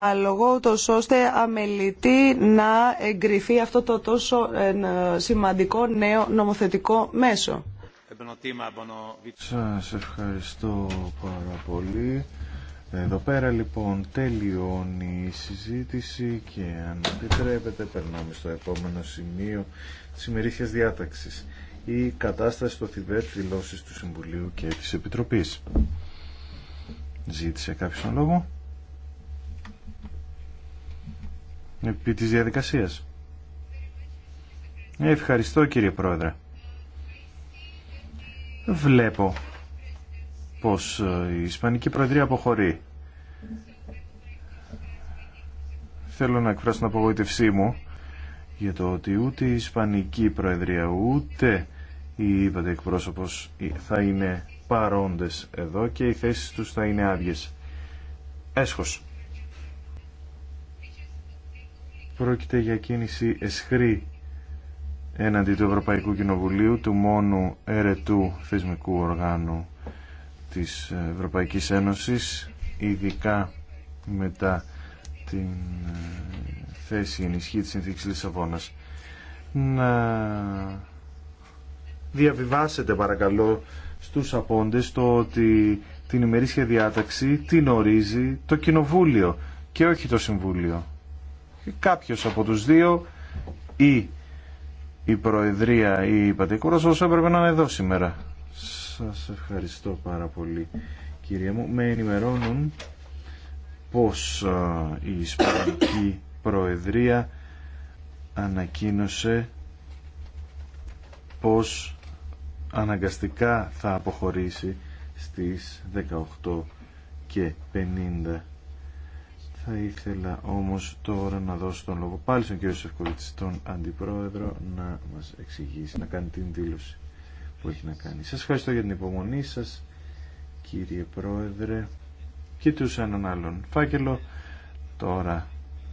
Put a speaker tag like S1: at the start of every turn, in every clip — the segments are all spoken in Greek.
S1: άλογο, ούτως ώστε αμελητή να εγκριθεί αυτό το τόσο ε, σημαντικό νέο νομοθετικό μέσο.
S2: Σας ευχαριστώ πάρα πολύ. Εδώ πέρα λοιπόν τελειώνει η συζήτηση και αν επιτρέπετε περνάμε στο επόμενο σημείο της ημερήθειας διάταξης. Η κατάσταση στο Θιβέτ, δηλώσεις του Συμβουλίου και της Επιτροπής. Ζήτησε κάποιον λόγο. επί της διαδικασίας. Ευχαριστώ κύριε Πρόεδρε. Βλέπω πως η Ισπανική Προεδρία αποχωρεί. Θέλω να εκφράσω την απογοήτευσή μου για το ότι ούτε η Ισπανική Προεδρία ούτε η είπατε εκπρόσωπος θα είναι παρόντες εδώ και οι θέσεις τους θα είναι άδειες. Έσχος. πρόκειται για κίνηση εσχρή έναντι του Ευρωπαϊκού Κοινοβουλίου, του μόνου αιρετού θεσμικού οργάνου της Ευρωπαϊκής Ένωσης, ειδικά μετά την ε, θέση ενισχύ της συνθήκης Λισαβόνας. Να διαβιβάσετε παρακαλώ στους απόντες το ότι την ημερήσια διάταξη την ορίζει το Κοινοβούλιο και όχι το Συμβούλιο και κάποιος από τους δύο ή η Προεδρία ή η Πατήκουρος οσο επρεπε να είναι εδώ σήμερα. Σας ευχαριστώ πάρα πολύ κυρία μου. Με ενημερώνουν πως η Ισπανική Προεδρία ανακοίνωσε πως αναγκαστικά θα αποχωρήσει στις 18 και θα ήθελα όμως τώρα να δώσω τον λόγο πάλι στον κύριο Σευκοβίτη, τον Αντιπρόεδρο, να μας εξηγήσει, να κάνει την δήλωση που έχει να κάνει. Σας ευχαριστώ για την υπομονή σας, κύριε Πρόεδρε, και τους έναν άλλον φάκελο. Τώρα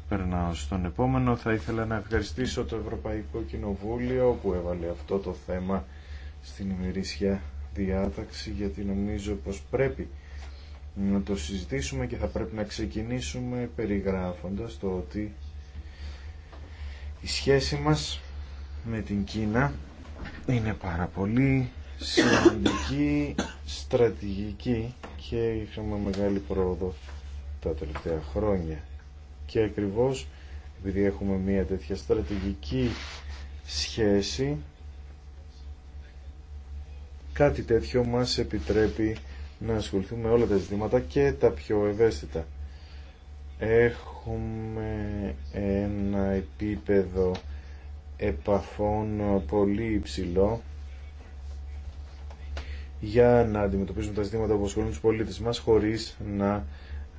S2: περνάω στον επόμενο. Θα ήθελα να ευχαριστήσω το Ευρωπαϊκό Κοινοβούλιο που έβαλε αυτό το θέμα στην ημερήσια διάταξη, γιατί νομίζω πως πρέπει να το συζητήσουμε και θα πρέπει να ξεκινήσουμε περιγράφοντας το ότι η σχέση μας με την Κίνα είναι πάρα πολύ σημαντική, στρατηγική και είχαμε μεγάλη πρόοδο τα τελευταία χρόνια. Και ακριβώς επειδή έχουμε μια τέτοια στρατηγική σχέση, κάτι τέτοιο μας επιτρέπει να ασχοληθούμε όλα τα ζητήματα και τα πιο ευαίσθητα. Έχουμε ένα επίπεδο επαφών πολύ υψηλό για να αντιμετωπίσουμε τα ζητήματα που ασχολούν τους πολίτες μας χωρίς να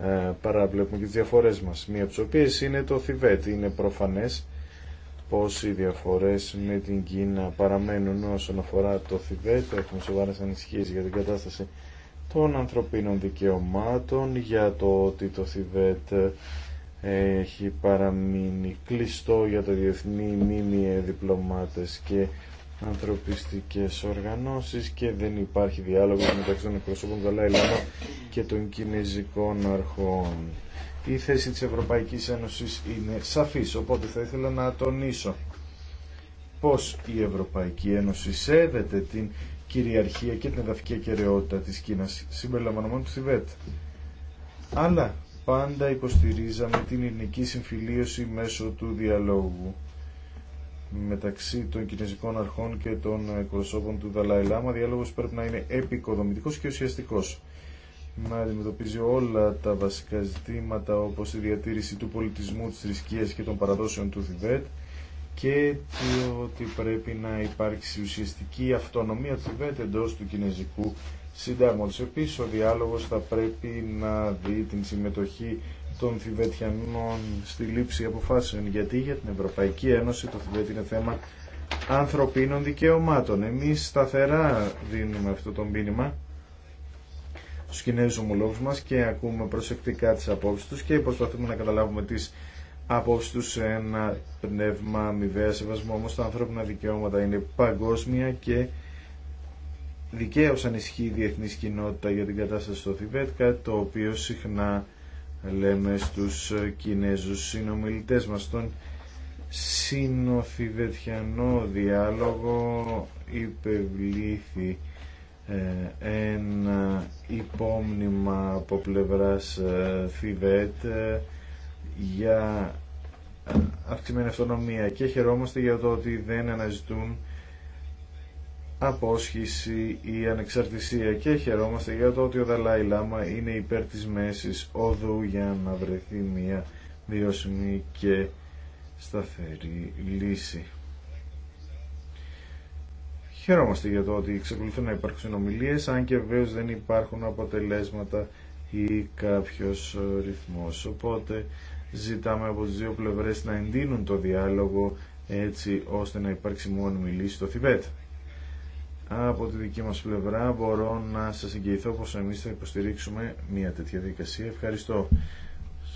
S2: ε, παραβλέπουμε και τις διαφορές μας. Μία από τις οποίες είναι το Θιβέτ. Είναι προφανές πως οι διαφορές με την Κίνα παραμένουν όσον αφορά το Θιβέτ. Έχουμε σοβαρές ανησυχίες για την κατάσταση των ανθρωπίνων δικαιωμάτων για το ότι το Θιβέτ έχει παραμείνει κλειστό για το διεθνή μήνυε διπλωμάτες και ανθρωπιστικές οργανώσεις και δεν υπάρχει διάλογος μεταξύ των εκπροσώπων των Λάμα και των Κινέζικων αρχών. Η θέση της Ευρωπαϊκής Ένωσης είναι σαφής, οπότε θα ήθελα να τονίσω πως η Ευρωπαϊκή Ένωση σέβεται την κυριαρχία και την εδαφική ακεραιότητα της Κίνας, συμπεριλαμβανομένου του Θιβέτ. Αλλά πάντα υποστηρίζαμε την ειρηνική συμφιλίωση μέσω του διαλόγου μεταξύ των κινέζικων αρχών και των εκπροσώπων του Δαλάη Λάμα. Διάλογος πρέπει να είναι επικοδομητικός και ουσιαστικός. Να αντιμετωπίζει όλα τα βασικά ζητήματα όπως η διατήρηση του πολιτισμού, της θρησκείας και των παραδόσεων του Θιβέτ, και το ότι πρέπει να υπάρξει ουσιαστική αυτονομία του Τιβέτ εντό του Κινέζικου Συντάγματο. Επίση ο διάλογο θα πρέπει να δει την συμμετοχή των Θιβετιανών στη λήψη αποφάσεων, γιατί για την Ευρωπαϊκή Ένωση το Θιβέτ είναι θέμα ανθρωπίνων δικαιωμάτων. Εμεί σταθερά δίνουμε αυτό το μήνυμα στου κινέζου ομολόγου μα και ακούμε προσεκτικά τι απόψει του και προσπαθούμε να καταλάβουμε τι απόψη ένα πνεύμα αμοιβαία σεβασμό, όμω τα ανθρώπινα δικαιώματα είναι παγκόσμια και δικαίως ανισχύει η διεθνής κοινότητα για την κατάσταση στο Θιβέτ, κάτι το οποίο συχνά λέμε στους Κινέζους συνομιλητές μας. Στον συνοθιβετιανό διάλογο υπευλήθη ε, ένα υπόμνημα από πλευράς ε, Θιβέτ ε, για ε, αυξημένη αυτονομία και χαιρόμαστε για το ότι δεν αναζητούν απόσχηση ή ανεξαρτησία και χαιρόμαστε για το ότι ο Δαλάη Λάμα είναι υπέρ της μέσης οδού για να βρεθεί μια βιώσιμη και σταθερή λύση. Χαιρόμαστε για το ότι εξακολουθούν να υπάρχουν ομιλίες, αν και βέβαια δεν υπάρχουν αποτελέσματα ή κάποιος ρυθμός. Οπότε ζητάμε από τις δύο πλευρές να εντείνουν το διάλογο έτσι ώστε να υπάρξει μόνιμη λύση στο Θιβέτ. Από τη δική μας πλευρά μπορώ να σας εγγυηθώ πως εμείς θα υποστηρίξουμε μια τέτοια δικασία. Ευχαριστώ.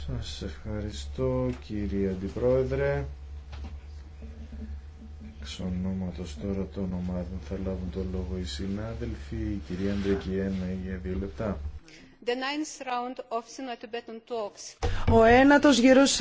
S2: Σας ευχαριστώ κύριε Αντιπρόεδρε. Εξ τώρα των ομάδων θα λάβουν το λόγο οι συνάδελφοι. Η κυρία Αντρικιένα για δύο λεπτά.
S1: Ο ένατος γύρος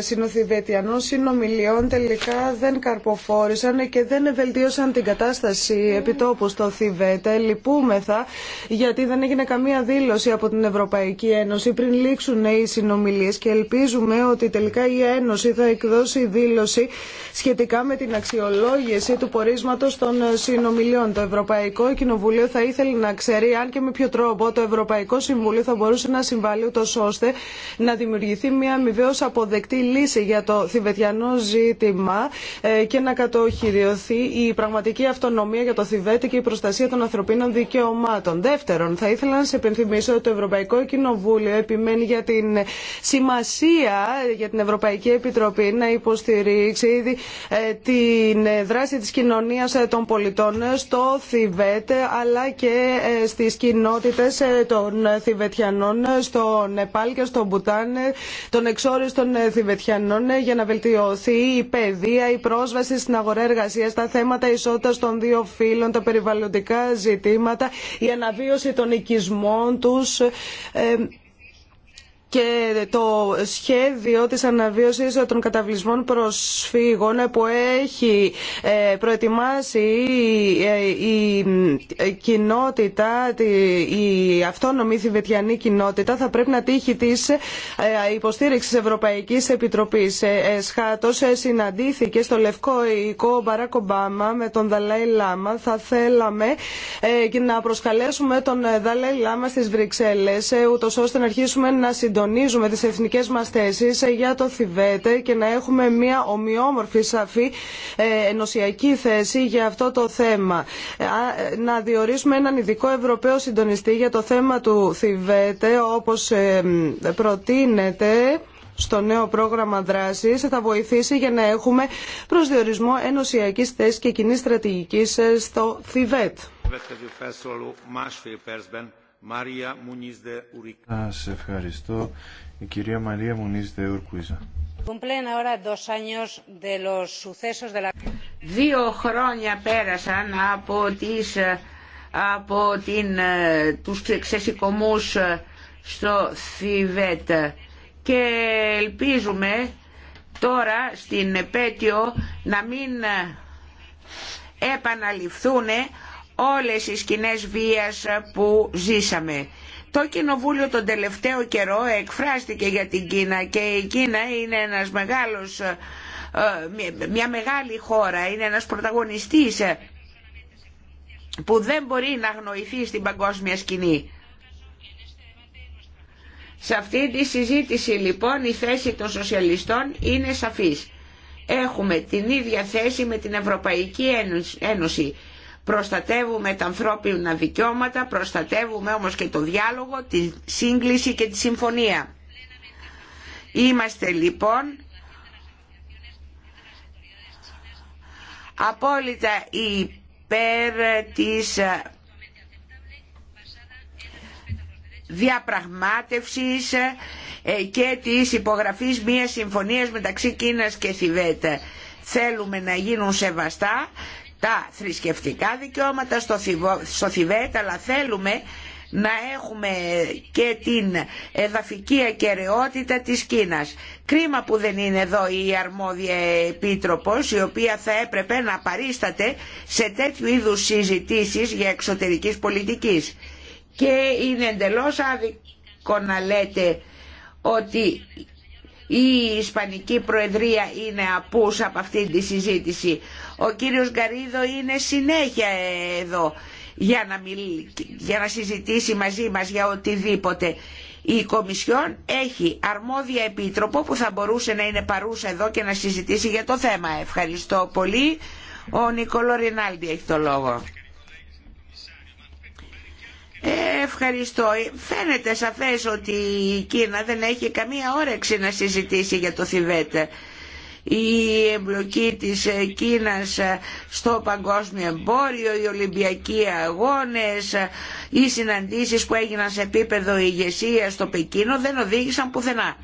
S1: συνοθιβετιανών συνομιλιών τελικά δεν καρποφόρησαν και δεν ευελτίωσαν την κατάσταση επιτόπου στο Θιβέτ. Λυπούμεθα γιατί δεν έγινε καμία δήλωση από την Ευρωπαϊκή Ένωση πριν λήξουν οι συνομιλίες και ελπίζουμε ότι τελικά η Ένωση θα εκδώσει δήλωση σχετικά με την αξιολόγηση του πορίσματος των συνομιλιών. Το Ευρωπαϊκό Κοινοβουλίο θα ήθελε να ξέρει αν και με ποιο τρόπο το Ευρωπαϊκό Συμβούλιο θα μπορούσε να συμβάλλει ούτω ώστε να δημιουργηθεί μια αμοιβαίω αποδεκτή λύση για το θηβετιανό ζήτημα ε, και να κατοχυριωθεί η πραγματική αυτονομία για το Θηβέτη και η προστασία των ανθρωπίνων δικαιωμάτων. Δεύτερον, θα ήθελα να σε επενθυμίσω ότι το Ευρωπαϊκό Κοινοβούλιο επιμένει για την σημασία για την Ευρωπαϊκή Επιτροπή να υποστηρίξει ήδη ε, την ε, δράση της κοινωνίας των πολιτών στο Θιβέτ αλλά και στις κοινότητες των Θηβετιανών στο Νεπάλ και στο Μπουτάν, των εξόριστων Θηβετιανών για να βελτιωθεί η παιδεία, η πρόσβαση στην αγορά εργασία, τα θέματα ισότητα των δύο φύλων, τα περιβαλλοντικά ζητήματα, η αναβίωση των οικισμών του. Ε, και το σχέδιο της αναβίωσης των καταβλισμών προσφύγων που έχει ε, προετοιμάσει ε, η ε, κοινότητα, η αυτόνομη θηβετιανή κοινότητα θα πρέπει να τύχει της υποστήριξη Ευρωπαϊκής Επιτροπής. Σχάτως συναντήθηκε στο Λευκό Οικό ο Μπαράκ Ομπάμα με τον Δαλάη Λάμα. Θα θέλαμε να προσκαλέσουμε τον Δαλάη Λάμα στις Βρυξέλλες ούτως ώστε να αρχίσουμε να συντονίσουμε συντονίζουμε τις εθνικές μας θέσεις ε, για το Θιβέτ και να έχουμε μια ομοιόμορφη σαφή ε, ενωσιακή θέση για αυτό το θέμα. Ε, να διορίσουμε έναν ειδικό Ευρωπαίο συντονιστή για το θέμα του Θιβέτ όπως προτείνεται στο νέο πρόγραμμα δράση θα βοηθήσει για να έχουμε προσδιορισμό ενωσιακή θέση και κοινή στρατηγική στο Θιβέτ.
S2: Μαρία Μουνίς Δε Σας ευχαριστώ. Η κυρία Μαρία Μουνίς Δε
S3: Δύο χρόνια πέρασαν από, τις, από ε, τους ξεσηκωμούς ε, στο Θιβέτ και ελπίζουμε τώρα στην επέτειο να μην ε, επαναληφθούν όλες οι σκηνές βίας που ζήσαμε. Το Κοινοβούλιο τον τελευταίο καιρό εκφράστηκε για την Κίνα και η Κίνα είναι ένας μεγάλος, ε, μια μεγάλη χώρα, είναι ένας πρωταγωνιστής ε, που δεν μπορεί να αγνοηθεί στην παγκόσμια σκηνή. Σε αυτή τη συζήτηση λοιπόν η θέση των σοσιαλιστών είναι σαφής. Έχουμε την ίδια θέση με την Ευρωπαϊκή Ένωση Προστατεύουμε τα ανθρώπινα δικαιώματα, προστατεύουμε όμως και το διάλογο, τη σύγκληση και τη συμφωνία. Είμαστε λοιπόν απόλυτα υπέρ της διαπραγμάτευσης ε, και της υπογραφής μιας συμφωνίας μεταξύ Κίνας και Θιβέτ. Θέλουμε να γίνουν σεβαστά τα θρησκευτικά δικαιώματα στο, Θιβο, στο Θιβέτ, αλλά θέλουμε να έχουμε και την εδαφική ακεραιότητα της Κίνας. Κρίμα που δεν είναι εδώ η αρμόδια επίτροπος, η οποία θα έπρεπε να παρίσταται σε τέτοιου είδους συζητήσεις για εξωτερικής πολιτικής. Και είναι εντελώς άδικο να λέτε ότι η Ισπανική Προεδρία είναι απούς από αυτή τη συζήτηση. Ο κύριος Γκαρίδο είναι συνέχεια εδώ για να, συζητήσει μαζί μας για οτιδήποτε. Η Κομισιόν έχει αρμόδια επίτροπο που θα μπορούσε να είναι παρούσα εδώ και να συζητήσει για το θέμα. Ευχαριστώ πολύ. Ο Νικόλο Ρινάλντι έχει το λόγο. Ευχαριστώ. Φαίνεται σαφές ότι η Κίνα δεν έχει καμία όρεξη να συζητήσει για το Θιβέτε. Η εμπλοκή της Κίνας στο παγκόσμιο εμπόριο, οι Ολυμπιακοί αγώνες, οι συναντήσεις που έγιναν σε επίπεδο ηγεσία στο Πεκίνο δεν οδήγησαν πουθενά.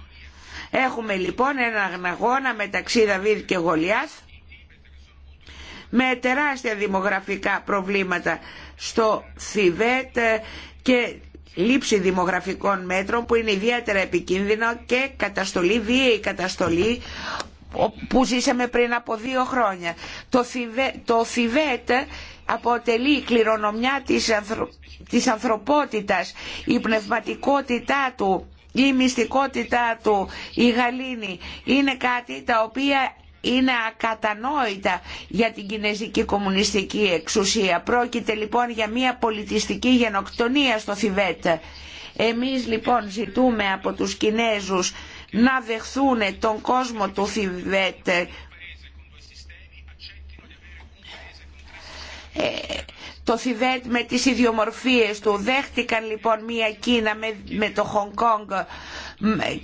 S3: Έχουμε λοιπόν ένα αγώνα μεταξύ Δαβίδ και Γολιάθ με τεράστια δημογραφικά προβλήματα στο Θιβέτ ε, και λήψη δημογραφικών μέτρων που είναι ιδιαίτερα επικίνδυνο και καταστολή, βίαιη καταστολή που ζήσαμε πριν από δύο χρόνια. Το, Θιβέ, το Θιβέτ αποτελεί η κληρονομιά της, ανθρω, της ανθρωπότητας, η πνευματικότητά του η μυστικότητά του, η γαλήνη, είναι κάτι τα οποία είναι ακατανόητα για την κινέζικη κομμουνιστική εξουσία. Πρόκειται λοιπόν για μια πολιτιστική γενοκτονία στο Θιβέτ. Εμείς λοιπόν ζητούμε από τους Κινέζους να δεχθούν τον κόσμο του Θιβέτ ε, το Θιβέτ με τις ιδιομορφίες του. Δέχτηκαν λοιπόν μια Κίνα με, το Χονγκ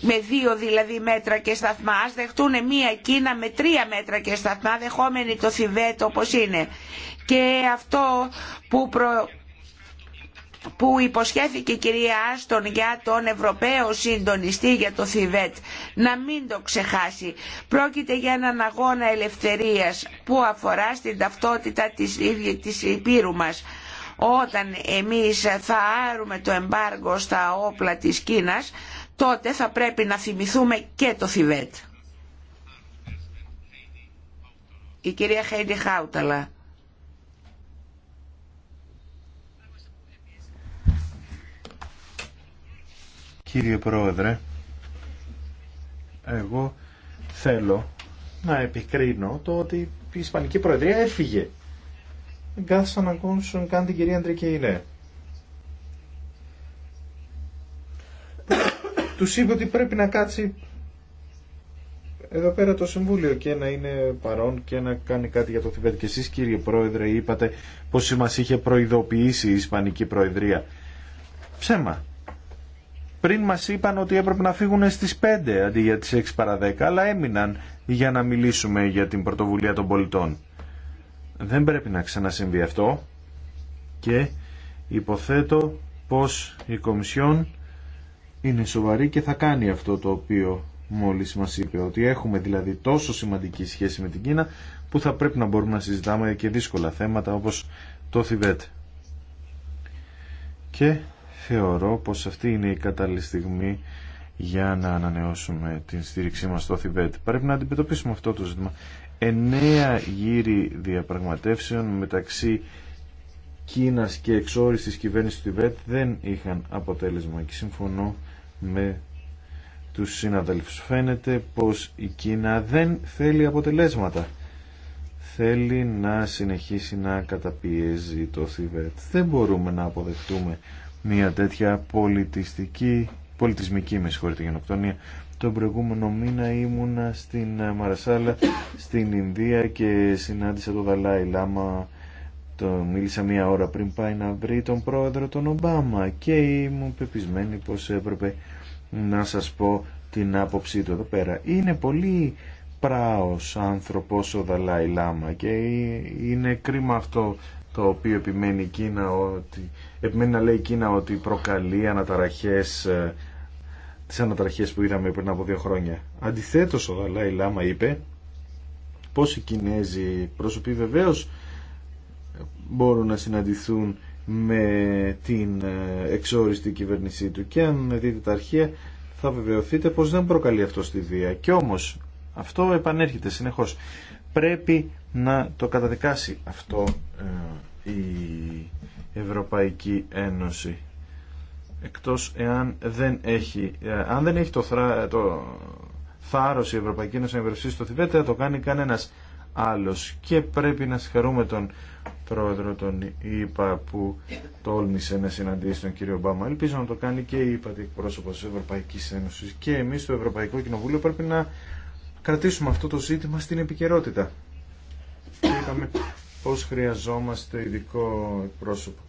S3: με δύο δηλαδή μέτρα και σταθμά, ας δεχτούν μία Κίνα με τρία μέτρα και σταθμά, δεχόμενη το Θιβέτ όπως είναι. Και αυτό που, που υποσχέθηκε η κυρία Άστον για τον Ευρωπαίο συντονιστή για το Θιβέτ, να μην το ξεχάσει. Πρόκειται για έναν αγώνα ελευθερίας που αφορά στην ταυτότητα της, της Υπήρου μας όταν εμείς θα άρουμε το εμπάργο στα όπλα της Κίνας τότε θα πρέπει να θυμηθούμε και το Θιβέτ. Η κυρία Χέιντι Χάουταλα.
S2: Κύριε Πρόεδρε, εγώ θέλω να επικρίνω το ότι η Ισπανική Προεδρία έφυγε. κάθισαν να ακούσουν καν την κυρία Αντρικέινε. τους είπε ότι πρέπει να κάτσει εδώ πέρα το Συμβούλιο και να είναι παρόν και να κάνει κάτι για το Θιβέτ. Και εσείς κύριε Πρόεδρε είπατε πως μας είχε προειδοποιήσει η Ισπανική Προεδρία. Ψέμα. Πριν μας είπαν ότι έπρεπε να φύγουν στις 5 αντί για τις 6 παρα 10, αλλά έμειναν για να μιλήσουμε για την πρωτοβουλία των πολιτών. Δεν πρέπει να ξανασυμβεί αυτό και υποθέτω πως η Κομισιόν είναι σοβαρή και θα κάνει αυτό το οποίο μόλις μας είπε, ότι έχουμε δηλαδή τόσο σημαντική σχέση με την Κίνα που θα πρέπει να μπορούμε να συζητάμε και δύσκολα θέματα όπως το Θιβέτ. Και θεωρώ πως αυτή είναι η κατάλληλη στιγμή για να ανανεώσουμε την στήριξή μας στο Θιβέτ. Πρέπει να αντιμετωπίσουμε αυτό το ζήτημα. Εννέα γύρι διαπραγματεύσεων μεταξύ Κίνας και εξόριστης κυβέρνησης του Θιβέτ δεν είχαν αποτέλεσμα και συμφωνώ με τους συναδέλφους. Φαίνεται πως η Κίνα δεν θέλει αποτελέσματα. Θέλει να συνεχίσει να καταπιέζει το Θιβέτ. Δεν μπορούμε να αποδεχτούμε μια τέτοια πολιτιστική, πολιτισμική με συγχωρείτε γενοκτονία. Τον προηγούμενο μήνα ήμουνα στην Μαρασάλα, στην Ινδία και συνάντησα τον Δαλάη Λάμα το μίλησα μία ώρα πριν πάει να βρει τον πρόεδρο τον Ομπάμα και ήμουν πεπισμένη πως έπρεπε να σας πω την άποψή του εδώ πέρα. Είναι πολύ πράος άνθρωπος ο Δαλάη Λάμα και είναι κρίμα αυτό το οποίο επιμένει, Κίνα ότι, επιμένει να λέει η Κίνα ότι προκαλεί αναταραχές τις αναταραχές που είδαμε πριν από δύο χρόνια. Αντιθέτως ο Δαλάη Λάμα είπε πως οι Κινέζοι πρόσωποι βεβαίως μπορούν να συναντηθούν με την ε, εξόριστη κυβέρνησή του και αν δείτε τα αρχεία θα βεβαιωθείτε πως δεν προκαλεί αυτό στη βία και όμως αυτό επανέρχεται συνεχώς πρέπει να το καταδικάσει αυτό ε, η Ευρωπαϊκή Ένωση εκτός εάν δεν έχει ε, αν δεν έχει το, θρά, θάρρος η Ευρωπαϊκή Ένωση να στο Θιβέτ το κάνει κανένας άλλος και πρέπει να συγχαρούμε τον πρόεδρο τον ΙΠΑ που τόλμησε να συναντήσει τον κύριο Ομπάμα. Ελπίζω να το κάνει και η ΙΠΑ εκπρόσωπο τη Ευρωπαϊκή Ένωση και εμεί στο Ευρωπαϊκό Κοινοβούλιο πρέπει να κρατήσουμε αυτό το ζήτημα στην επικαιρότητα. Και είπαμε πώ χρειαζόμαστε ειδικό εκπρόσωπο.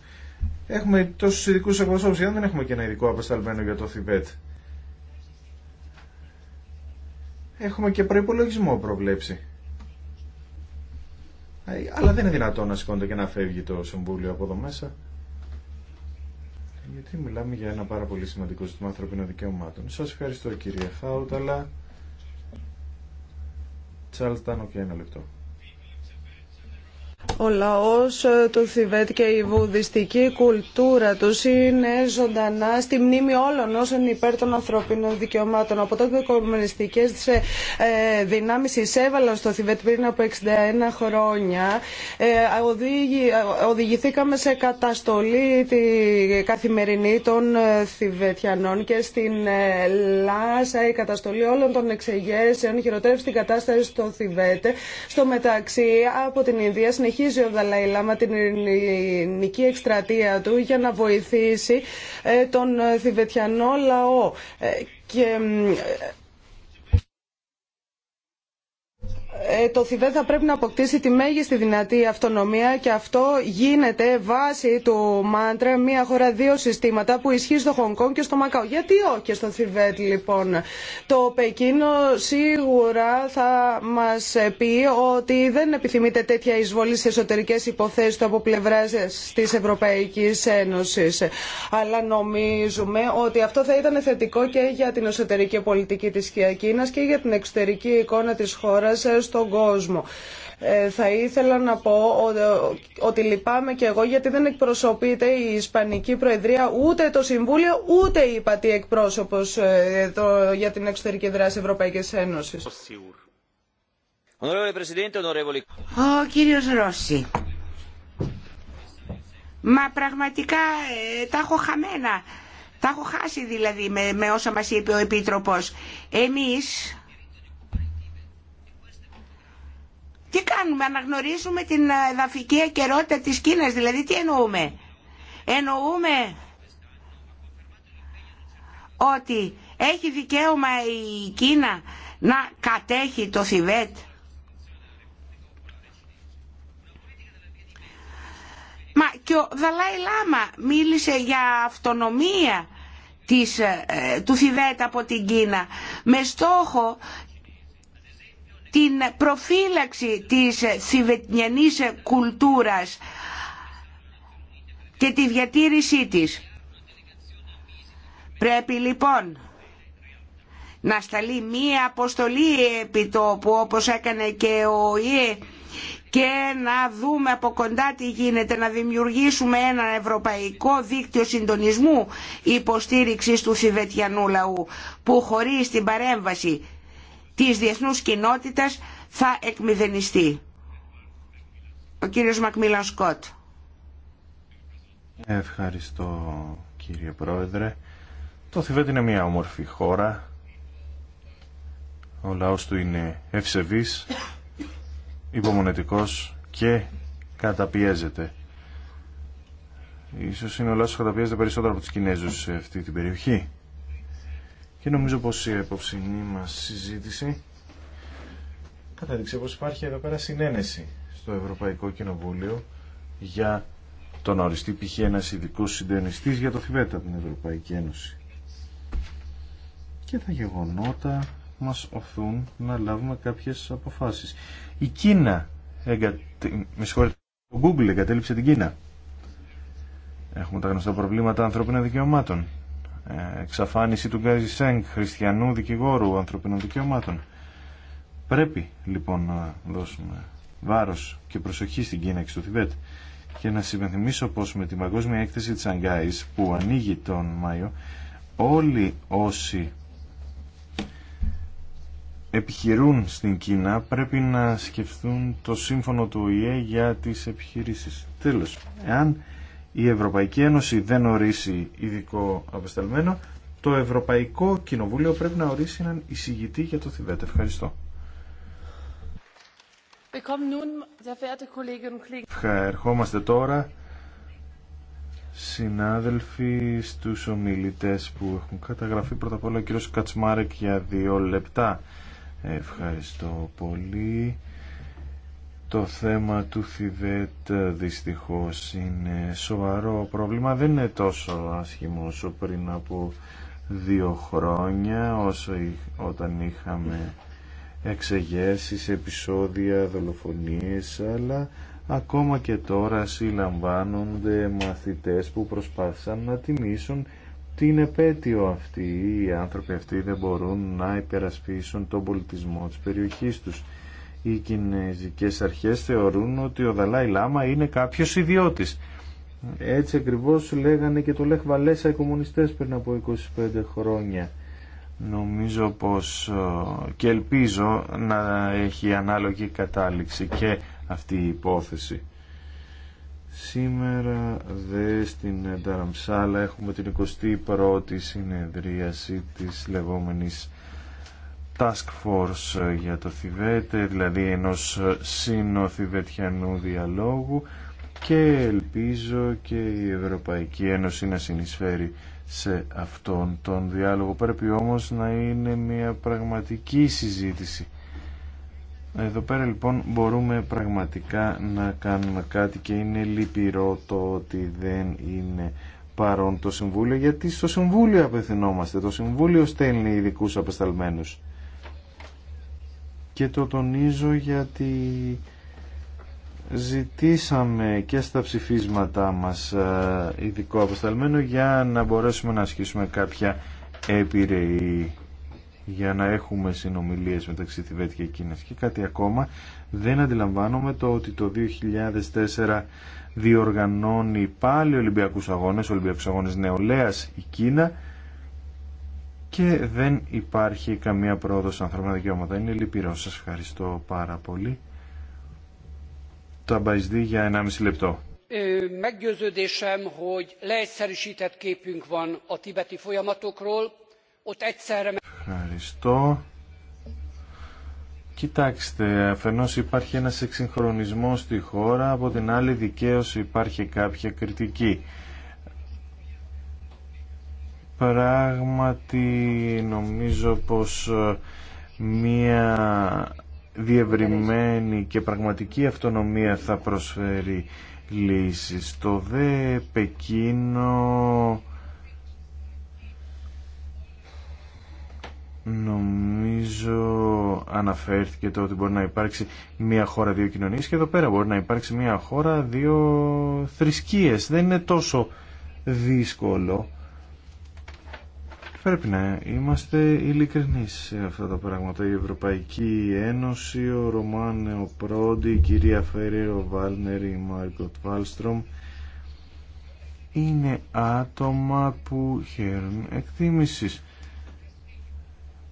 S2: Έχουμε τόσου ειδικού εκπροσώπου, γιατί δεν έχουμε και ένα ειδικό απεσταλμένο για το Θιβέτ. Έχουμε και προπολογισμό προβλέψει. Ε, αλλά δεν είναι δυνατόν να σηκώνεται και να φεύγει το Συμβούλιο από εδώ μέσα. Γιατί μιλάμε για ένα πάρα πολύ σημαντικό ζήτημα ανθρωπίνων δικαιωμάτων. Σας ευχαριστώ κύριε Χάουτ, αλλά... και ένα λεπτό.
S1: Ο λαός ε, του Θιβέτ και η βουδιστική κουλτούρα τους είναι ζωντανά στη μνήμη όλων όσων υπέρ των ανθρωπίνων δικαιωμάτων. Από τότε οι κομμουνιστικές ε, ε, δυνάμεις εισέβαλαν στο Θιβέτ πριν από 61 χρόνια. Οδηγηθήκαμε σε καταστολή τη καθημερινή των Θιβετιανών και στην Λάσα η καταστολή όλων των εξεγέσεων χειροτέρευσε την κατάσταση στο Θιβέτ. Στο μεταξύ από την Ινδία συνεχίζει ο Δαλαϊλά με την ελληνική εκστρατεία του για να βοηθήσει ε, τον ε, Θιβετιανό λαό. Ε, και Ε, το Θιβέτ θα πρέπει να αποκτήσει τη μέγιστη δυνατή αυτονομία και αυτό γίνεται βάσει του μάντρα μια χώρα δύο συστήματα που ισχύει στο Χονγκ Κονγκ και στο Μακάο. Γιατί όχι στο Θιβέτ λοιπόν. Το Πεκίνο σίγουρα θα μας πει ότι δεν επιθυμείται τέτοια εισβολή σε εσωτερικές υποθέσεις του από πλευρά της Ευρωπαϊκής Ένωσης. Αλλά νομίζουμε ότι αυτό θα ήταν θετικό και για την εσωτερική πολιτική της Κίνας και για την εξωτερική εικόνα της χώρας στον κόσμο. Ε, θα ήθελα να πω ότι λυπάμαι και εγώ γιατί δεν εκπροσωπείται η Ισπανική Προεδρία ούτε το Συμβούλιο ούτε η Πατή Εκπρόσωπος ε, το, για την εξωτερική δράση Ευρωπαϊκής Ένωσης.
S3: Ο κύριος Ρώση. Μα πραγματικά ε, τα έχω χαμένα. Τα έχω χάσει δηλαδή με, με όσα μας είπε ο Επίτροπος. Εμείς Τι κάνουμε, αναγνωρίζουμε την ε, εδαφική αικαιρότητα της Κίνας, δηλαδή τι εννοούμε. Εννοούμε ότι έχει δικαίωμα η Κίνα να κατέχει το Θιβέτ. Μα και ο Δαλάη Λάμα μίλησε για αυτονομία ε, ε, του Θιβέτ από την Κίνα με στόχο την προφύλαξη της θηβετιανής κουλτούρας και τη διατήρησή της. Πρέπει λοιπόν να σταλεί μία αποστολή επί πού όπως έκανε και ο ΙΕ και να δούμε από κοντά τι γίνεται, να δημιουργήσουμε ένα ευρωπαϊκό δίκτυο συντονισμού υποστήριξης του Θηβετιανού λαού που χωρίς την παρέμβαση της διεθνούς κοινότητας θα εκμηδενιστεί. Ο κύριος Μακμίλαν Σκότ.
S2: Ευχαριστώ κύριε Πρόεδρε. Το Θιβέτ είναι μια όμορφη χώρα. Ο λαός του είναι ευσεβής, υπομονετικός και καταπιέζεται. Ίσως είναι ο λαός που καταπιέζεται περισσότερο από τους Κινέζους σε αυτή την περιοχή. Και νομίζω πως η επόψηνή μας συζήτηση καταδείξε πως υπάρχει εδώ πέρα συνένεση στο Ευρωπαϊκό Κοινοβούλιο για τον οριστή οριστεί π.χ. ένας ειδικός συντονιστής για το Φιβέτα, από την Ευρωπαϊκή Ένωση. Και τα γεγονότα μας οθούν να λάβουμε κάποιες αποφάσεις. Η Κίνα, με συγχωρείτε, ο Google εγκατέλειψε την Κίνα. Έχουμε τα γνωστά προβλήματα ανθρώπινα δικαιωμάτων εξαφάνιση του Γκάζι Σέγκ, χριστιανού δικηγόρου ανθρωπινών δικαιωμάτων. Πρέπει λοιπόν να δώσουμε βάρος και προσοχή στην Κίνα και στο Θιβέτ και να συμπενθυμίσω πως με την παγκόσμια έκθεση της Αγκάης που ανοίγει τον Μάιο όλοι όσοι επιχειρούν στην Κίνα πρέπει να σκεφτούν το σύμφωνο του ΟΗΕ για τις επιχειρήσεις. Τέλος, εάν η Ευρωπαϊκή Ένωση δεν ορίσει ειδικό απεσταλμένο, το Ευρωπαϊκό Κοινοβούλιο πρέπει να ορίσει έναν εισηγητή για το Θιβέτ. Ευχαριστώ. Ερχόμαστε τώρα, συνάδελφοι, στους ομιλητές που έχουν καταγραφεί. Πρώτα απ' όλα ο κύριος Κατσμάρεκ για δύο λεπτά. Ευχαριστώ πολύ το θέμα του Θιβέτ ε, δυστυχώς είναι σοβαρό πρόβλημα. Δεν είναι τόσο άσχημο όσο πριν από δύο χρόνια, όσο όταν είχαμε εξεγέρσεις, επεισόδια, δολοφονίες, αλλά ακόμα και τώρα συλλαμβάνονται μαθητές που προσπάθησαν να τιμήσουν την επέτειο αυτή. Οι άνθρωποι αυτοί δεν μπορούν να υπερασπίσουν τον πολιτισμό της περιοχής τους οι κινέζικες αρχές θεωρούν ότι ο Δαλάη Λάμα είναι κάποιος ιδιώτης. Έτσι ακριβώς λέγανε και το Λεχ Βαλέσα οι κομμουνιστές πριν από 25 χρόνια. Νομίζω πως ε, και ελπίζω να έχει ανάλογη κατάληξη και αυτή η υπόθεση. Σήμερα δε στην Ταραμψάλα έχουμε την 21η συνεδρίαση της λεγόμενης task force ε, για το Θιβέτ, ε, δηλαδή ενός ε, σύνοθιβετιανού διαλόγου και ελπίζω και η Ευρωπαϊκή Ένωση να συνεισφέρει σε αυτόν τον διάλογο. Πρέπει όμως να είναι μια πραγματική συζήτηση. Εδώ πέρα λοιπόν μπορούμε πραγματικά να κάνουμε κάτι και είναι λυπηρό το ότι δεν είναι παρόν το Συμβούλιο γιατί στο Συμβούλιο απευθυνόμαστε. Το Συμβούλιο στέλνει ειδικού απεσταλμένους και το τονίζω γιατί ζητήσαμε και στα ψηφίσματά μας ε, ειδικό αποσταλμένο για να μπορέσουμε να ασκήσουμε κάποια επιρροή για να έχουμε συνομιλίες μεταξύ Θιβέτ και Κίνας και κάτι ακόμα δεν αντιλαμβάνομαι το ότι το 2004 διοργανώνει πάλι Ολυμπιακούς Αγώνες Ολυμπιακούς Αγώνες Νεολαίας η Κίνα και δεν υπάρχει καμία πρόοδο στα ανθρώπινα δικαιώματα. Είναι λυπηρό. Σα ευχαριστώ πάρα πολύ. Τα μπαϊσδί για 1,5 λεπτό.
S3: Meggyőződésem, hogy leegyszerűsített képünk van a tibeti folyamatokról. Ott egyszerre...
S2: Ευχαριστώ. Κοιτάξτε, αφενό υπάρχει ένα εξυγχρονισμό στη χώρα, από την άλλη δικαίωση υπάρχει κάποια κριτική. Πράγματι νομίζω πως ε, μία διευρυμένη και πραγματική αυτονομία θα προσφέρει λύσεις. Το δε Πεκίνο νομίζω αναφέρθηκε το ότι μπορεί να υπάρξει μία χώρα δύο κοινωνίες και εδώ πέρα μπορεί να υπάρξει μία χώρα δύο θρησκείες. Δεν είναι τόσο δύσκολο Πρέπει να είμαστε ειλικρινεί σε αυτά τα πράγματα. Η Ευρωπαϊκή Ένωση, ο Ρωμάνεο ο Πρόντι, η κυρία Φέρε, ο Βάλνερ, η Μάρκοτ Βάλστρομ είναι άτομα που χαίρουν εκτίμησης.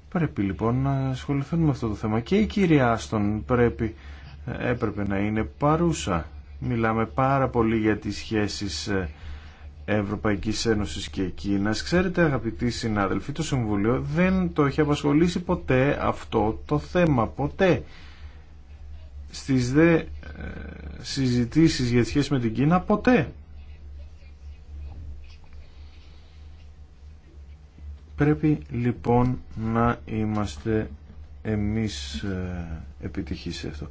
S2: Πρέπει λοιπόν να ασχοληθούν με αυτό το θέμα. Και η κυρία Άστον πρέπει, έπρεπε να είναι παρούσα. Μιλάμε πάρα πολύ για τις σχέσεις ε, Ευρωπαϊκή Ένωση και Κίνας. Ξέρετε αγαπητοί συνάδελφοι, το Συμβουλίο δεν το έχει απασχολήσει ποτέ αυτό το θέμα, ποτέ. Στις δε ε, συζητήσεις για σχέση με την Κίνα, ποτέ. Πρέπει λοιπόν να είμαστε εμείς ε, επιτυχεί σε αυτό.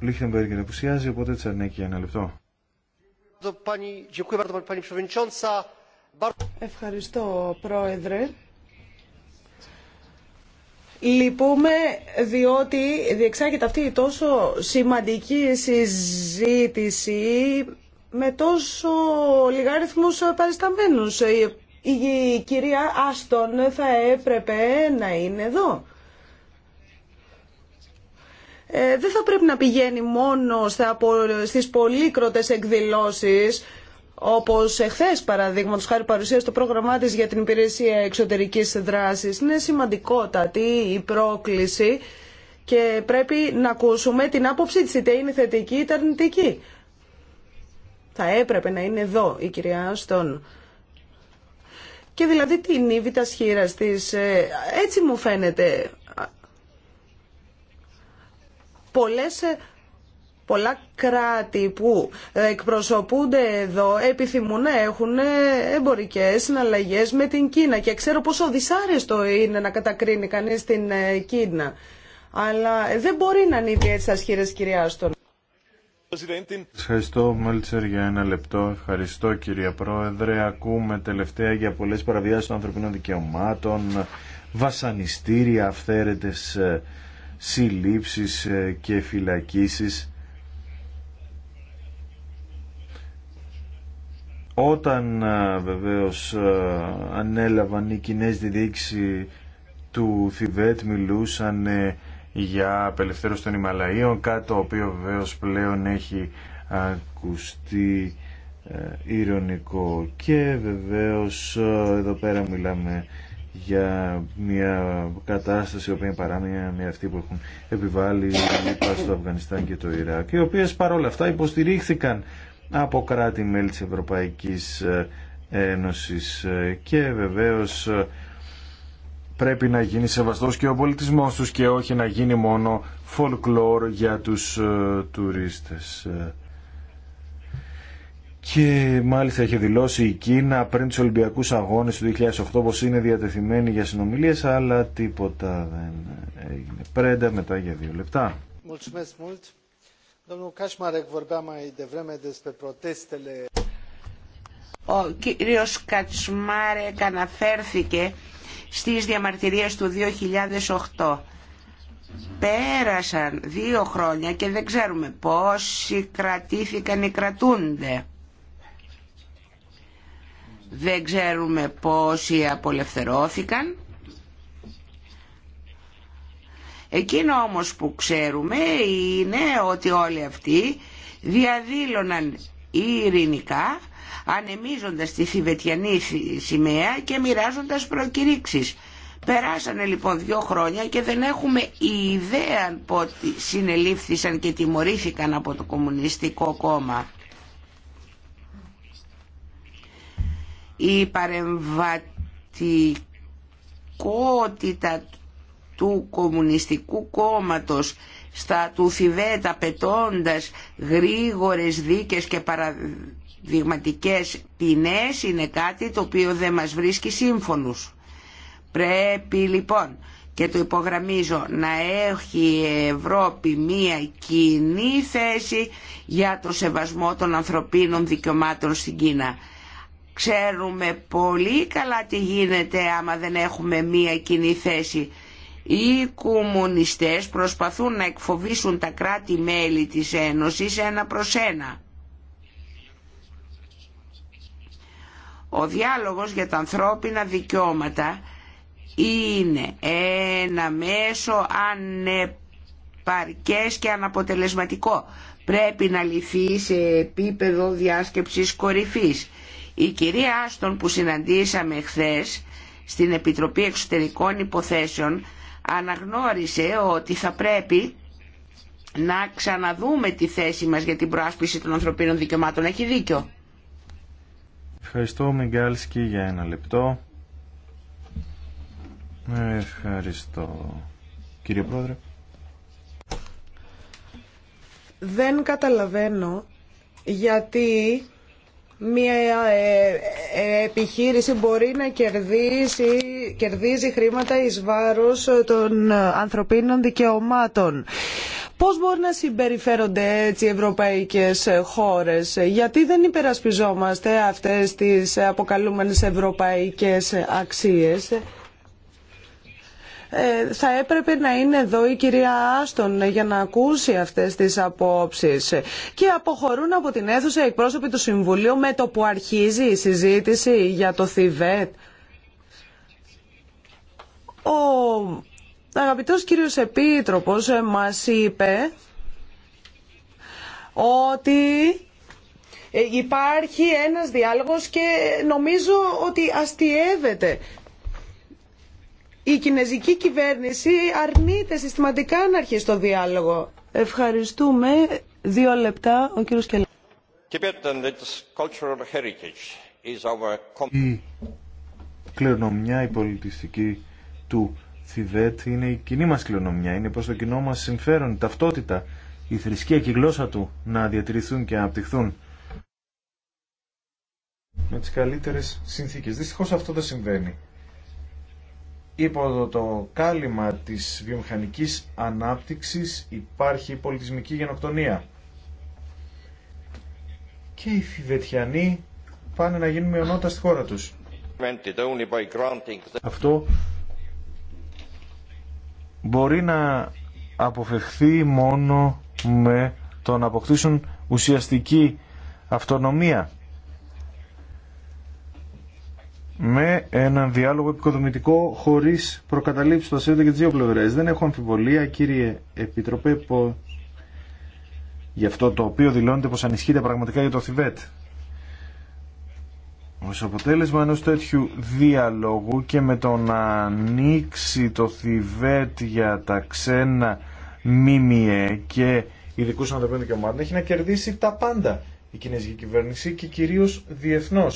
S2: Λίχτεμπεργκ απουσιάζει, οπότε τσαρνέκι ένα λεπτό.
S1: Ευχαριστώ, Πρόεδρε. Λυπούμε διότι διεξάγεται αυτή η τόσο σημαντική συζήτηση με τόσο λιγάριθμους παρισταμένους. Η κυρία Άστον θα έπρεπε να είναι εδώ. Ε, δεν θα πρέπει να πηγαίνει μόνο στα, στις πολύκροτες εκδηλώσεις Όπω εχθές, παραδείγματο χάρη, παρουσίασε το πρόγραμμά τη για την υπηρεσία εξωτερική δράση. Είναι σημαντικότατη η πρόκληση και πρέπει να ακούσουμε την άποψή τη, είτε είναι θετική είτε αρνητική. Θα έπρεπε να είναι εδώ η κυρία Άστον. Και δηλαδή την ύβη σχήρα τη. Ε, έτσι μου φαίνεται πολλές ε, πολλά κράτη που ε, εκπροσωπούνται εδώ επιθυμούν να έχουν ε, εμπορικές συναλλαγές με την Κίνα και ξέρω πόσο δυσάρεστο είναι να κατακρίνει κανείς την Κίνα. Αλλά δεν μπορεί να ανήκει έτσι τα σχήρες κυρία Άστον.
S2: Ευχαριστώ Μέλτσερ για ένα λεπτό. Ευχαριστώ κυρία Πρόεδρε. Ακούμε τελευταία για πολλές παραβιάσεις των ανθρωπίνων δικαιωμάτων, βασανιστήρια, αυθαίρετες συλλήψεις ε, και φυλακίσεις όταν ε, βεβαίως ε, ανέλαβαν οι κοινές τη του Θιβέτ μιλούσαν για απελευθέρωση των Ιμαλαίων κάτι το οποίο βεβαίως πλέον έχει ακουστεί ηρωνικό και βεβαίως εδώ πέρα μιλάμε για μια κατάσταση η οποία παράνοια με αυτή που έχουν επιβάλει στο Αφγανιστάν και το Ιράκ οι οποίες παρόλα αυτά υποστηρίχθηκαν από κράτη-μέλη της Ευρωπαϊκής ε, Ένωσης ε, και βεβαίως ε, πρέπει να γίνει σεβαστός και ο πολιτισμός τους και όχι να γίνει μόνο folklore για τους τουρίστες. Και μάλιστα είχε δηλώσει η Κίνα πριν τους Ολυμπιακούς Αγώνες του 2008 πως είναι διατεθειμένη για συνομιλίες, αλλά τίποτα δεν έγινε. Πρέντα μετά για δύο λεπτά.
S3: Ο κύριος Κατσμάρεκ αναφέρθηκε στις διαμαρτυρίες του 2008. Πέρασαν δύο χρόνια και δεν ξέρουμε πόσοι κρατήθηκαν ή κρατούνται. Δεν ξέρουμε πόσοι απολευθερώθηκαν. Εκείνο όμως που ξέρουμε είναι ότι όλοι αυτοί διαδήλωναν ειρηνικά ανεμίζοντας τη θηβετιανή σημαία και μοιράζοντας προκηρύξεις. Περάσανε λοιπόν δύο χρόνια και δεν έχουμε ιδέα πότε συνελήφθησαν και τιμωρήθηκαν από το Κομμουνιστικό Κόμμα. η παρεμβατικότητα του Κομμουνιστικού Κόμματος στα του Θιβέτα πετώντα γρήγορες δίκες και παραδειγματικές ποινές είναι κάτι το οποίο δεν μας βρίσκει σύμφωνους. Πρέπει λοιπόν και το υπογραμμίζω να έχει η Ευρώπη μία κοινή θέση για το σεβασμό των ανθρωπίνων δικαιωμάτων στην Κίνα. Ξέρουμε πολύ καλά τι γίνεται άμα δεν έχουμε μία κοινή θέση. Οι κομμουνιστές προσπαθούν να εκφοβήσουν τα κράτη-μέλη της Ένωσης ένα προς ένα. Ο διάλογος για τα ανθρώπινα δικαιώματα είναι ένα μέσο ανεπαρκές και αναποτελεσματικό. Πρέπει να λυθεί σε επίπεδο διάσκεψης κορυφής. Η κυρία Άστον που συναντήσαμε χθες στην Επιτροπή Εξωτερικών Υποθέσεων αναγνώρισε ότι θα πρέπει να ξαναδούμε τη θέση μας για την προάσπιση των ανθρωπίνων δικαιωμάτων. Έχει δίκιο.
S2: Ευχαριστώ Μιγκάλσκι για ένα λεπτό. Ευχαριστώ κύριε Πρόεδρε.
S1: Δεν καταλαβαίνω γιατί μια ε, ε, επιχείρηση μπορεί να κερδίσει, κερδίζει χρήματα εις βάρος ε, των ανθρωπίνων δικαιωμάτων. Πώς μπορεί να συμπεριφέρονται έτσι οι ευρωπαϊκές χώρες, γιατί δεν υπερασπιζόμαστε αυτές τις αποκαλούμενες ευρωπαϊκές αξίες. Ε, θα έπρεπε να είναι εδώ η κυρία Άστον για να ακούσει αυτές τις απόψεις. Και αποχωρούν από την αίθουσα εκπρόσωποι του Συμβουλίου με το που αρχίζει η συζήτηση για το Θιβέτ. Ο αγαπητός κύριος Επίτροπος μας είπε ότι υπάρχει ένας διάλογος και νομίζω ότι αστιεύεται η κινέζικη κυβέρνηση αρνείται συστηματικά να αρχίσει το διάλογο. Ευχαριστούμε. Δύο λεπτά, ο κύριος Κελ.
S2: Η κληρονομιά, η πολιτιστική του Θιβέτ είναι η κοινή μας κληρονομιά, είναι προς το κοινό μας συμφέρον, η ταυτότητα, η θρησκεία και η γλώσσα του να διατηρηθούν και να απτυχθούν με τις καλύτερες συνθήκες. Δυστυχώς αυτό δεν συμβαίνει υπό το κάλυμα της βιομηχανικής ανάπτυξης υπάρχει πολιτισμική γενοκτονία. Και οι Φιβετιανοί πάνε να γίνουν μειονότητα στη χώρα τους. Αυτό μπορεί να αποφευχθεί μόνο με το να αποκτήσουν ουσιαστική αυτονομία με έναν διάλογο επικοδομητικό χωρί προκαταλήψεις το ασύλλητο και τι δύο πλευρέ. Δεν έχω αμφιβολία, κύριε Επιτροπέ, που... για αυτό το οποίο δηλώνεται πω ανισχύεται πραγματικά για το Θιβέτ. Ως αποτέλεσμα ενός τέτοιου διαλόγου και με το να ανοίξει το Θιβέτ για τα ξένα μίμιε και ειδικού ανθρωπίνων δικαιωμάτων έχει να κερδίσει τα πάντα η κινέζικη κυβέρνηση και κυρίω διεθνώ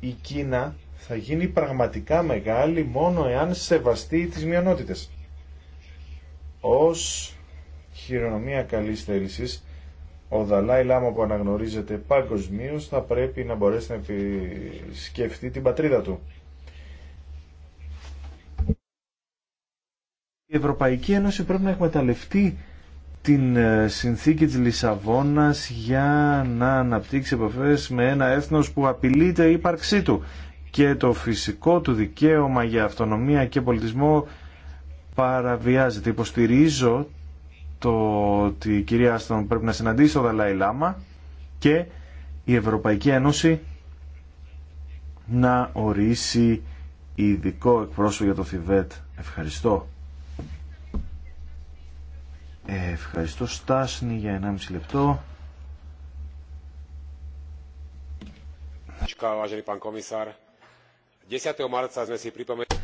S2: Η Κίνα θα γίνει πραγματικά μεγάλη μόνο εάν σεβαστεί τις μειονότητες. Ως χειρονομία καλής θέλησης, ο Δαλάη Λάμα που αναγνωρίζεται παγκοσμίω θα πρέπει να μπορέσει να επισκεφτεί την πατρίδα του. Η Ευρωπαϊκή Ένωση πρέπει να εκμεταλλευτεί την ε, συνθήκη της Λισαβόνας για να αναπτύξει επαφέ με ένα έθνος που απειλείται η ύπαρξή του και το φυσικό του δικαίωμα για αυτονομία και πολιτισμό παραβιάζεται. Υποστηρίζω το ότι η κυρία Άστον πρέπει να συναντήσει τον Δαλάη Λάμα και η Ευρωπαϊκή Ένωση να ορίσει ειδικό εκπρόσωπο για το Θιβέτ. Ευχαριστώ. ευχαριστώ Στάσνη για 1,5 λεπτό.
S1: Ευχαριστώ, 10. marca sme si pripomenuli...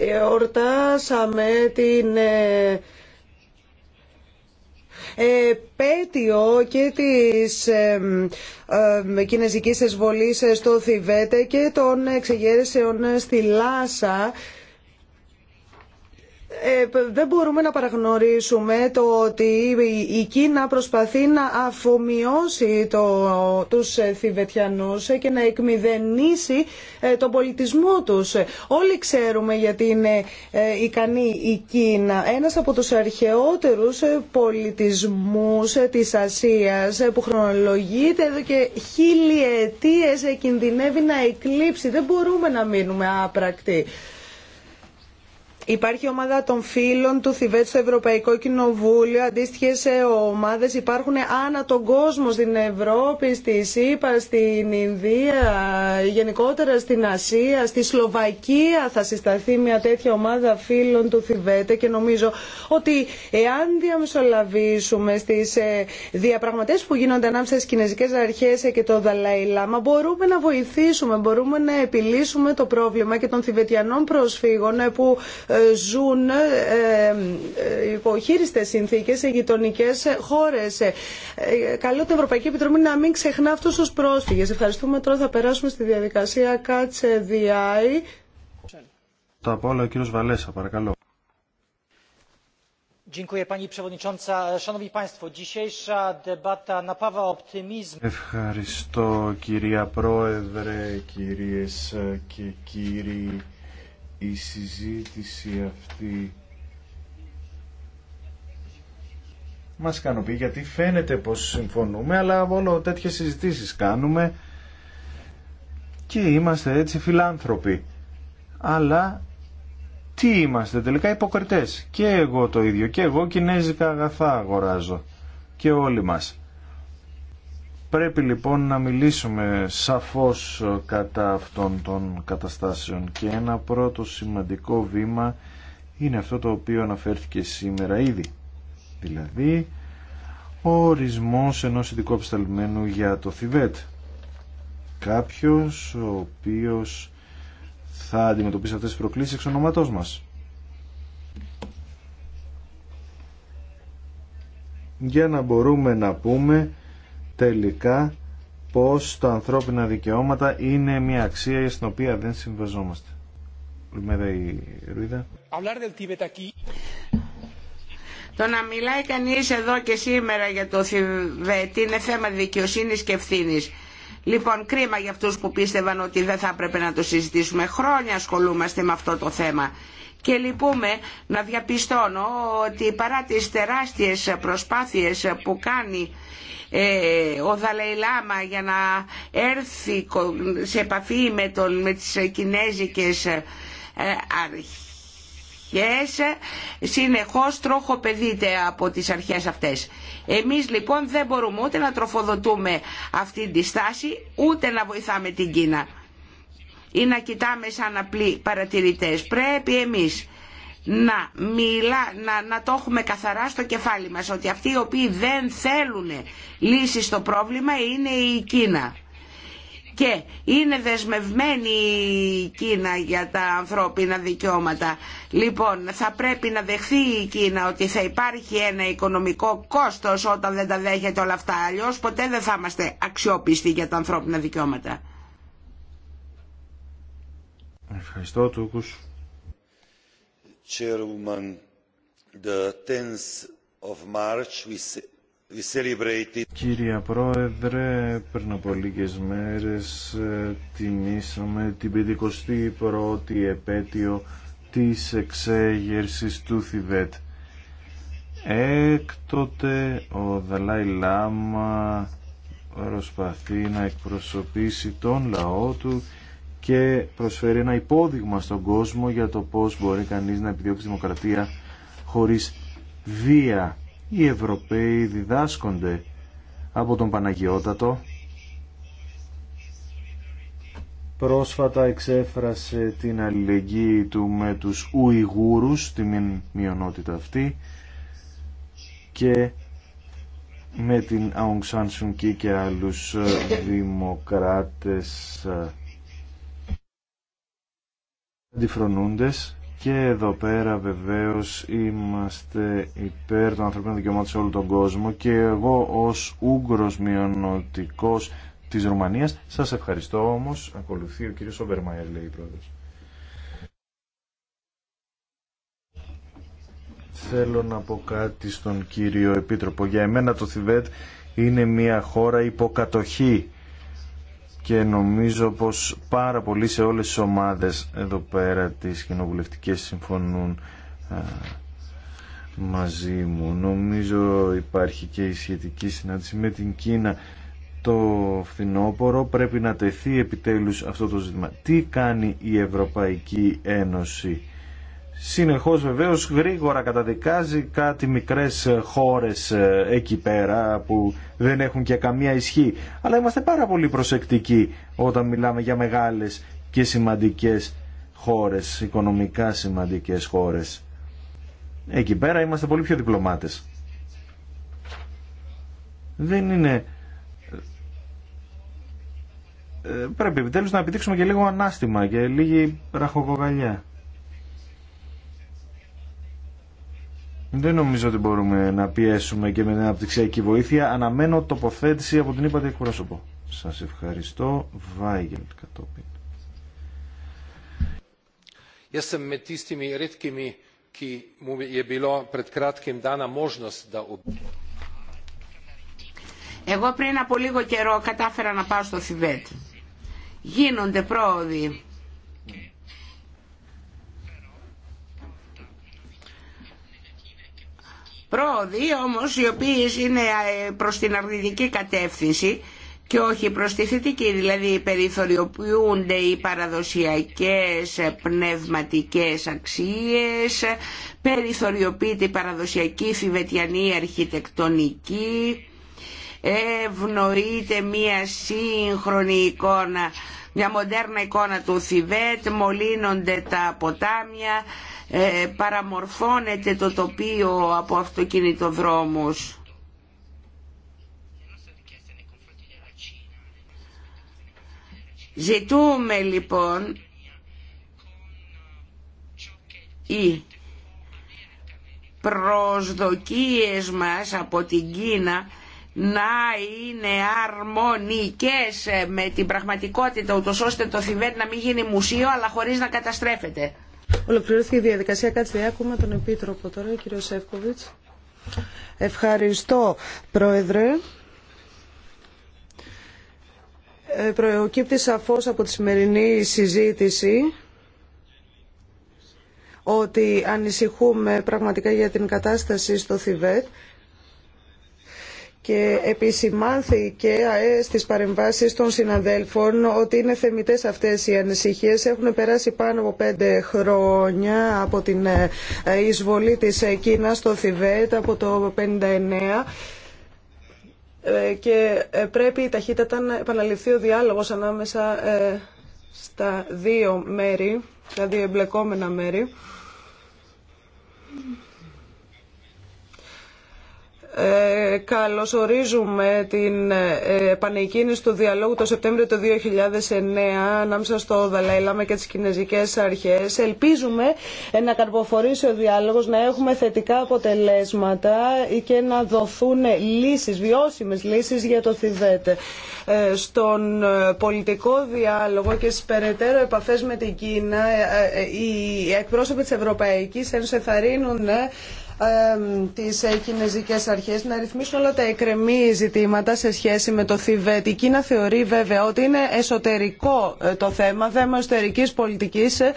S1: Εορτάσαμε ε, την ε, ε, επέτειο και της ε, κινέζικης εισβολής στο Θιβέτε και των εξεγέρεσεων στη Λάσα ε, δεν μπορούμε να παραγνωρίσουμε το ότι η Κίνα προσπαθεί να αφομοιώσει το, τους Θηβετιανούς και να εκμηδενήσει ε, τον πολιτισμό τους. Όλοι ξέρουμε γιατί είναι ε, ικανή η Κίνα. Ένας από τους αρχαιότερους πολιτισμούς της Ασίας που χρονολογείται εδώ και χίλιοι κινδυνεύει να εκλείψει. Δεν μπορούμε να μείνουμε άπρακτοι. Υπάρχει ομάδα των φίλων του Θιβέτ στο Ευρωπαϊκό Κοινοβούλιο. Αντίστοιχε ε, ομάδε υπάρχουν άνα τον κόσμο, στην Ευρώπη, στη ΣΥΠΑ, στην Ινδία, γενικότερα στην Ασία, στη Σλοβακία θα συσταθεί μια τέτοια ομάδα φίλων του Θιβέτ και νομίζω ότι εάν διαμεσολαβήσουμε στι ε, διαπραγματεύσει που γίνονται ανάμεσα στι Κινέζικε Αρχέ ε, και το Δαλαϊλάμα μπορούμε να βοηθήσουμε, μπορούμε να επιλύσουμε το πρόβλημα και των Θιβετιανών προσφύγων που ε, ζουν ε, ε, υποχείριστες συνθήκες σε γειτονικέ χώρες. Καλό την Ευρωπαϊκή Επιτροπή να μην ξεχνά αυτούς τους πρόσφυγες. Ευχαριστούμε. Τώρα θα περάσουμε στη διαδικασία Κάτσε διάι.
S2: Το Ευχαριστώ κυρία Πρόεδρε, κυρίες και κύριοι η συζήτηση αυτή μας ικανοποιεί γιατί φαίνεται πως συμφωνούμε αλλά όλο τέτοιες συζητήσεις κάνουμε και είμαστε έτσι φιλάνθρωποι αλλά τι είμαστε τελικά υποκριτές και εγώ το ίδιο και εγώ κινέζικα αγαθά αγοράζω και όλοι μας Πρέπει λοιπόν να μιλήσουμε σαφώς κατά αυτών των καταστάσεων και ένα πρώτο σημαντικό βήμα είναι αυτό το οποίο αναφέρθηκε σήμερα ήδη. Δηλαδή, ο ορισμός ενός ειδικού απεσταλμένου για το Θιβέτ. Κάποιος ο οποίος θα αντιμετωπίσει αυτές τις προκλήσεις εξ ονόματός μας. Για να μπορούμε να πούμε τελικά πως τα ανθρώπινα δικαιώματα είναι μια αξία στην οποία δεν συμβαζόμαστε.
S3: Το να μιλάει κανείς εδώ και σήμερα για το Θιβέτ είναι θέμα δικαιοσύνης και ευθύνης. Λοιπόν, κρίμα για αυτούς που πίστευαν ότι δεν θα έπρεπε να το συζητήσουμε. Χρόνια ασχολούμαστε με αυτό το θέμα. Και λυπούμε να διαπιστώνω ότι παρά τις τεράστιες προσπάθειες που κάνει ε, ο Δαλαϊλάμα για να έρθει σε επαφή με, τον, με τις κινέζικες ε, αρχές συνεχώς τροχοπεδείται από τις αρχές αυτές. Εμείς λοιπόν δεν μπορούμε ούτε να τροφοδοτούμε αυτή τη στάση ούτε να βοηθάμε την Κίνα ή να κοιτάμε σαν απλοί παρατηρητές. Πρέπει εμείς να, μιλά, να, να το έχουμε καθαρά στο κεφάλι μας ότι αυτοί οι οποίοι δεν θέλουν λύση στο πρόβλημα είναι η Κίνα και είναι δεσμευμένη η Κίνα για τα ανθρώπινα δικαιώματα. Λοιπόν, θα πρέπει να δεχθεί η Κίνα ότι θα υπάρχει ένα οικονομικό κόστος όταν δεν τα δέχεται όλα αυτά. Αλλιώς ποτέ δεν θα είμαστε αξιόπιστοι για τα ανθρώπινα δικαιώματα.
S2: Ευχαριστώ, Τούκους. Chairwoman, Κύριε Πρόεδρε, πριν από λίγες μέρες ε, τιμήσαμε την 51η επέτειο της εξέγερσης του Θιβέτ. Έκτοτε ο Δαλάη Λάμα προσπαθεί να εκπροσωπήσει τον λαό του και προσφέρει ένα υπόδειγμα στον κόσμο για το πώς μπορεί κανείς να επιδιώξει δημοκρατία χωρίς βία. Οι Ευρωπαίοι διδάσκονται από τον Παναγιώτατο. Πρόσφατα εξέφρασε την αλληλεγγύη του με τους Ουιγούρους, τη μειονότητα αυτή, και με την Αουνξάν Σουνκή και άλλους ε, δημοκράτες ε, αντιφρονούντες και εδώ πέρα βεβαίως είμαστε υπέρ των ανθρωπίνων δικαιωμάτων σε όλο τον κόσμο και εγώ ως Ούγγρος μειονοτικός της Ρουμανίας σας ευχαριστώ όμως ακολουθεί ο κύριος Ομπερμαϊερ λέει η πρόεδρος. Θέλω να πω κάτι στον κύριο Επίτροπο. Για εμένα το Θιβέτ είναι μια χώρα υποκατοχή και νομίζω πως πάρα πολλοί σε όλες τις ομάδες εδώ πέρα τις κοινοβουλευτικές συμφωνούν ε, μαζί μου. Νομίζω υπάρχει και η σχετική συνάντηση με την Κίνα το φθινόπωρο πρέπει να τεθεί επιτέλους αυτό το ζήτημα. Τι κάνει η Ευρωπαϊκή Ένωση συνεχώς βεβαίως γρήγορα καταδικάζει κάτι μικρές ε, χώρες ε, εκεί πέρα που δεν έχουν και καμία ισχύ. Αλλά είμαστε πάρα πολύ προσεκτικοί όταν μιλάμε για μεγάλες και σημαντικές χώρες, οικονομικά σημαντικές χώρες. Εκεί πέρα είμαστε πολύ πιο διπλωμάτες. Δεν είναι... Ε, πρέπει επιτέλους να επιτύξουμε και λίγο ανάστημα και λίγη ραχοκοκαλιά. Δεν νομίζω ότι μπορούμε να πιέσουμε και με την αναπτυξιακή βοήθεια. Αναμένω τοποθέτηση από την είπατε εκπρόσωπο. Σας ευχαριστώ. κατόπιν. με τις μου είπε πριν κρατκιμ δάνα
S3: Εγώ πριν από λίγο καιρό κατάφερα να πάω στο Θιβέτ. Γίνονται πρόοδοι Πρόοδοι όμως οι οποίες είναι ε, προς την αρνητική κατεύθυνση και όχι προς τη θετική, δηλαδή περιθωριοποιούνται οι παραδοσιακές πνευματικές αξίες, περιθωριοποιείται η παραδοσιακή φιβετιανή ε, ευνοείται μία σύγχρονη εικόνα, μια μοντέρνα εικόνα του Θιβέτ, μολύνονται τα ποτάμια, ε, παραμορφώνεται το τοπίο από αυτοκινητοδρόμους. Ζητούμε λοιπόν οι προσδοκίες μας από την Κίνα να είναι αρμονικές με την πραγματικότητα ούτως ώστε το Θιβέτ να μην γίνει μουσείο αλλά χωρίς να καταστρέφεται. Ολοκληρώθηκε η διαδικασία.
S1: Κάτσε, διάκομαι ε, τον Επίτροπο τώρα, κύριο Σεύκοβιτς. Ευχαριστώ, Πρόεδρε. Ε, από τη σημερινή συζήτηση ότι ανησυχούμε πραγματικά για την κατάσταση στο Θιβέτ και επισημάνθηκε ε, στις παρεμβάσεις των συναδέλφων ότι είναι θεμητές αυτές οι ανησυχίες. Έχουν περάσει πάνω από πέντε χρόνια από την ε, ε, εισβολή της Κίνας στο Θιβέτ από το 1959 και πρέπει ταχύτατα να επαναληφθεί ο διάλογος ανάμεσα στα δύο μέρη, τα δύο εμπλεκόμενα μέρη. Ε, ορίζουμε την ε, πανεκκίνηση του διαλόγου το Σεπτέμβριο του 2009 ανάμεσα στο Δαλαϊλάμα και τις Κινέζικες Αρχές. Ελπίζουμε να καρποφορήσει ο διάλογος, να έχουμε θετικά αποτελέσματα και να δοθούν λύσεις, βιώσιμες λύσεις για το Θιβέτ. Ε, στον ε, πολιτικό διάλογο και στις περαιτέρω επαφές με την Κίνα, ε, οι εκπρόσωποι της Ευρωπαϊκής Ένωσης τις ε, κινέζικες αρχές να ρυθμίσουν όλα τα εκρεμή ζητήματα σε σχέση με το Θιβέτ. Η Κίνα θεωρεί βέβαια ότι είναι εσωτερικό ε, το θέμα, θέμα εσωτερικής πολιτικής ε,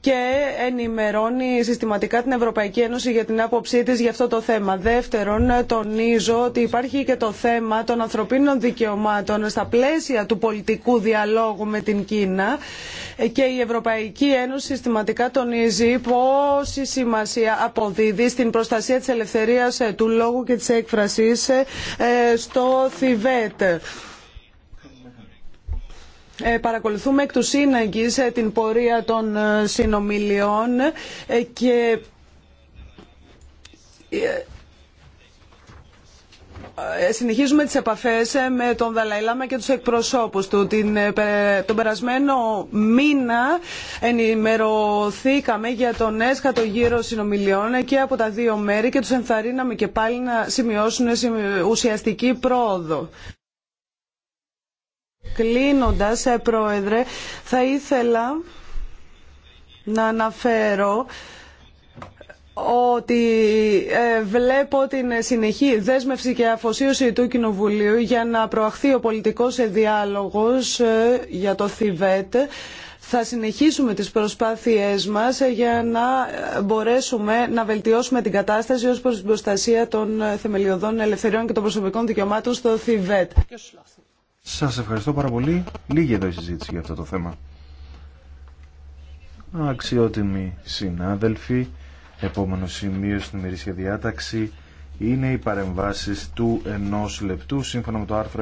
S1: και ενημερώνει συστηματικά την Ευρωπαϊκή Ένωση για την άποψή της για αυτό το θέμα. Δεύτερον, τονίζω ότι υπάρχει και το θέμα των ανθρωπίνων δικαιωμάτων στα πλαίσια του πολιτικού διαλόγου με την Κίνα και η Ευρωπαϊκή Ένωση συστηματικά τονίζει πόση σημασία αποδίδει στην προστασία της ελευθερίας του λόγου και της έκφρασης ε, στο Θιβέτ. Ε, παρακολουθούμε εκ του σύναγκης ε, την πορεία των ε, συνομιλιών και συνεχίζουμε τις επαφές με τον Δαλαϊλάμα και τους εκπροσώπους του. Την, τον περασμένο μήνα ενημερωθήκαμε για τον έσχατο γύρο συνομιλιών και από τα δύο μέρη και τους ενθαρρύναμε και πάλι να σημειώσουν ουσιαστική πρόοδο. Κλείνοντας, ε, Πρόεδρε, θα ήθελα να αναφέρω ότι ε, βλέπω την συνεχή δέσμευση και αφοσίωση του Κοινοβουλίου για να προαχθεί ο πολιτικός διάλογος ε, για το Θιβέτ. Θα συνεχίσουμε τις προσπάθειές μας για να μπορέσουμε να βελτιώσουμε την κατάσταση ως προς την προστασία των θεμελιωδών ελευθεριών και των προσωπικών δικαιωμάτων στο Θιβέτ.
S2: Σας ευχαριστώ πάρα πολύ. Λίγη εδώ η συζήτηση για αυτό το θέμα. Αξιότιμοι συνάδελφοι, επόμενο σημείο στην ημερήσια διάταξη είναι οι παρεμβάσεις του ενός λεπτού σύμφωνα με το άρθρο